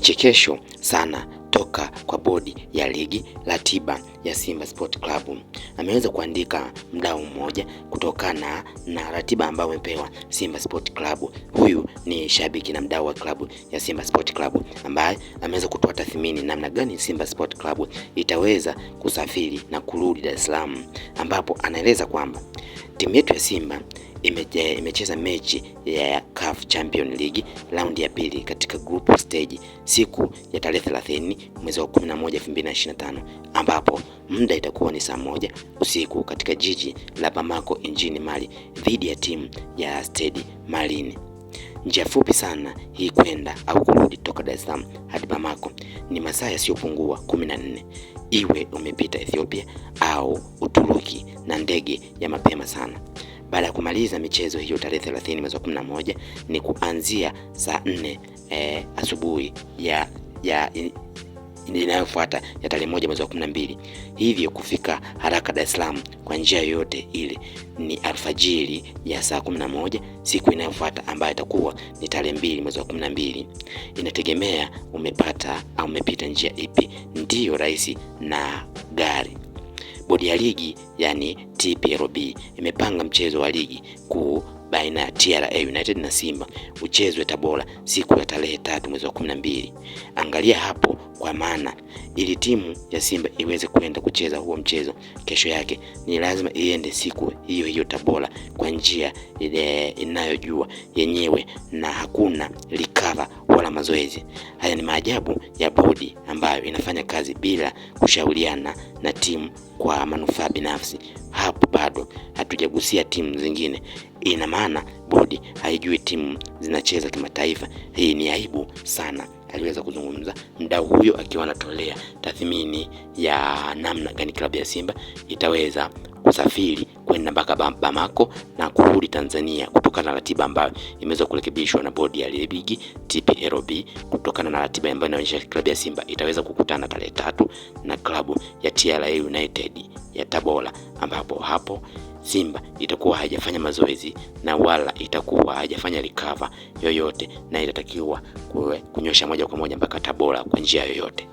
kichekesho sana toka kwa bodi ya ligi ratiba ya Simba Sport Club. Ameweza kuandika mdau mmoja kutokana na ratiba ambayo amepewa Simba Sport Club. Huyu ni shabiki na mdau wa klabu ya Simba Sport Club ambaye ameweza kutoa tathmini namna gani Simba Sport Club itaweza kusafiri na kurudi Dar es Salaam, ambapo anaeleza kwamba timu yetu ya Simba Eh, imecheza ime mechi ya CAF Champions League raundi ya pili katika group stage siku ya tarehe 30 mwezi wa 11 2025, ambapo muda itakuwa ni saa moja usiku katika jiji la Bamako nchini Mali dhidi ya timu ya Stade Malien. Njia fupi sana hii kwenda au kurudi toka Dar es Salaam hadi Bamako ni masaa yasiyopungua 14, iwe umepita Ethiopia au Uturuki na ndege ya mapema sana. Baada ya kumaliza michezo hiyo tarehe 30 mwezi wa 11 ni kuanzia saa nne e, asubuhi ya ya inayofuata ya tarehe moja mwezi wa 12, hivyo kufika haraka Dar es Salaam kwa njia yoyote ile ni alfajiri ya saa moja siku inayofuata ambayo itakuwa ni tarehe mbili mwezi wa 12. Inategemea umepata au umepita njia ipi, ndiyo rahisi na gari Bodi ya ligi yani TPLB imepanga mchezo wa ligi kuu baina ya TRA United na Simba uchezwe Tabora siku ya tarehe tatu mwezi wa kumi na mbili. Angalia hapo kwa maana ili timu ya Simba iweze kwenda kucheza huo mchezo kesho yake ni lazima iende siku hiyo hiyo Tabora kwa njia ile inayojua yenyewe, na hakuna likava wala mazoezi. Haya ni maajabu ya bodi ambayo inafanya kazi bila kushauriana na timu kwa manufaa binafsi. Hapo bado hatujagusia timu zingine, ina maana bodi haijui timu zinacheza kimataifa. Hii ni aibu sana, aliweza kuzungumza mdau huyo akiwa anatolea tathmini ya namna gani klabu ya Simba itaweza kusafiri kwenda mpaka Bamako na kurudi Tanzania kutokana na ratiba ambayo imeweza kurekebishwa na bodi ya ligi TPLB, kutokana na ratiba ambayo inaonyesha klabu ya Simba itaweza kukutana tarehe tatu na klabu ya TRA United ya Tabora ambapo hapo Simba itakuwa haijafanya mazoezi na wala itakuwa haijafanya recover yoyote, na itatakiwa kunyosha moja kwa moja mpaka Tabora kwa njia yoyote.